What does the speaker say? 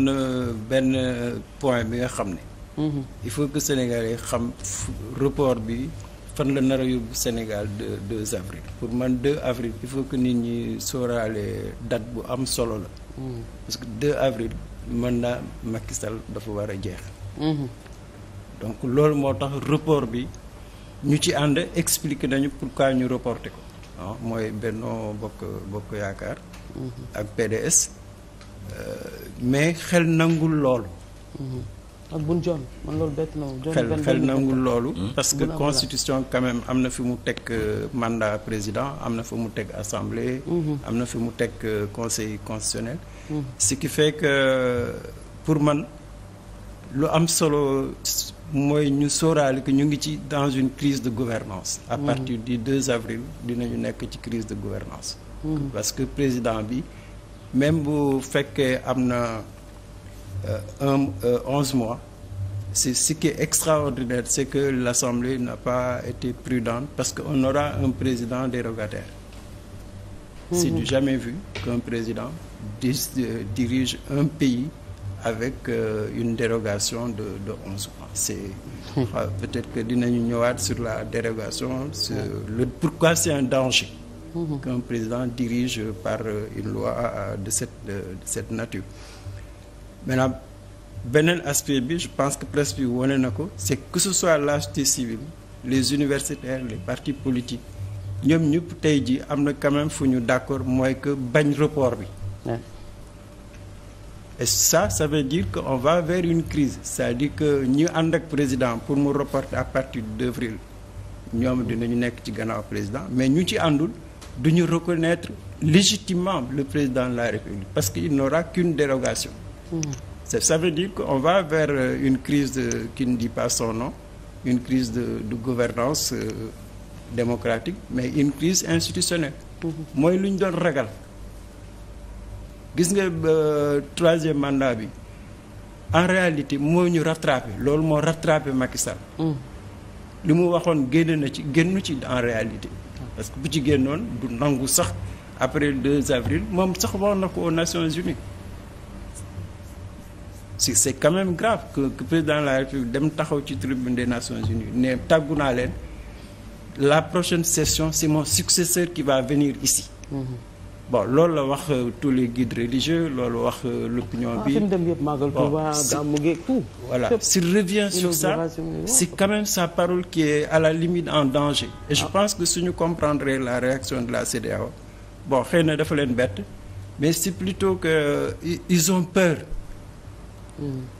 am na benn point bi nga xam ne. Mhm. il faut que Sénégalais xam report bi fan la nar yóbbu Sénégal de 2 avril. pour man 2 avril il faut que nit ñi sóoraale date bu am solo la. Mhm. parce que avril mën na Macky Sall dafa war a jeex. Mhm. donc loolu moo tax report bi ñu ci ànd expliqué nañu pourquoi ñu reporté ko. Ah, mooy Benno Bokk Bokk Yaakaar. ak PDS. mais xel nangul loolu. Mm-hmm. ak bun John man loolu bett na xel xel nangul loolu. parce que constitution quand am na fi mu teg euh, mandat président mm-hmm. am na fi mu teg assemblée. am na fi mu teg conseil constitutionnel. Mm-hmm. ce qui fait que euh, pour man lu am solo mooy ñu sóoraale ñu ngi ci dans une crise de gouvernance à partir du 2 avril dinañu nekk ci crise de gouvernance parce que président bi. même bu fekkee am na euh, un euh, onze mois c'est ce qui est extraordinaire c'est que l'Assemblée n'a pas été prudente parce que on aura un président dérogataire mmh. c'est du jamais vu qu'un président euh, dirige un pays avec euh, une dérogation de de onze mois c'est hmm. ah, peut-être que dinañu ñëwaat sur la dérogation le pourquoi c'est un danger mmh. qu'un président dirige par euh, une loi euh, de cette, de, de cette nature beneen aspect bi je pense que presse bi wane na ko c'est que ce soit la société les universitaires les partis politiques ñoom ñëpp tey ji am na quand fu ñu d'accord mooy que bañ report bi et ça ça veut dire que on va vers une crise c'est-à-dire que ñu ànd ak président pour mu reporter à partir d'avril ñoom dinañu nekk ci gannaaw président mais ñu ci àndul du duñu reconnaître légitimement le président la République parce qu'il n'aura qu'une dérogation mmh. ça veut dire qu'on va vers euh, une crise de, qui ne son nom une crise de, de gouvernance euh, démocratique mais une crise institutionnelle hmm. mooy lu ñu doon ragal gis nga euh, troisième mandat bi en réalité moo ñu rattrapé loolu moo rattrapé Macky Sall. Hmm. li mu waxoon génn na ci génnu ci en réalité parce que bu jigéen noonu du nangu sax après le 2 avril moom sax wax na ko aux Nations Unies si c'est quand même grave que, président de la République dem taxaw ci tribune des Nations Unies ne tàggu naa leen la prochaine session c'est mon successeur qui va venir ici. Mm-hmm. bon loolu la wax euh, tous les guides religieux loolu wax euh, l'opinion ah, bi voilà s'il revient sur ça c'est quand même sa parole qui est à la limite en danger et je ah. pense que suñu comprendre la réaction de la CEDEAO bon xëy na dafa leen bett mais c'est plutôt que ils ont peur hmm.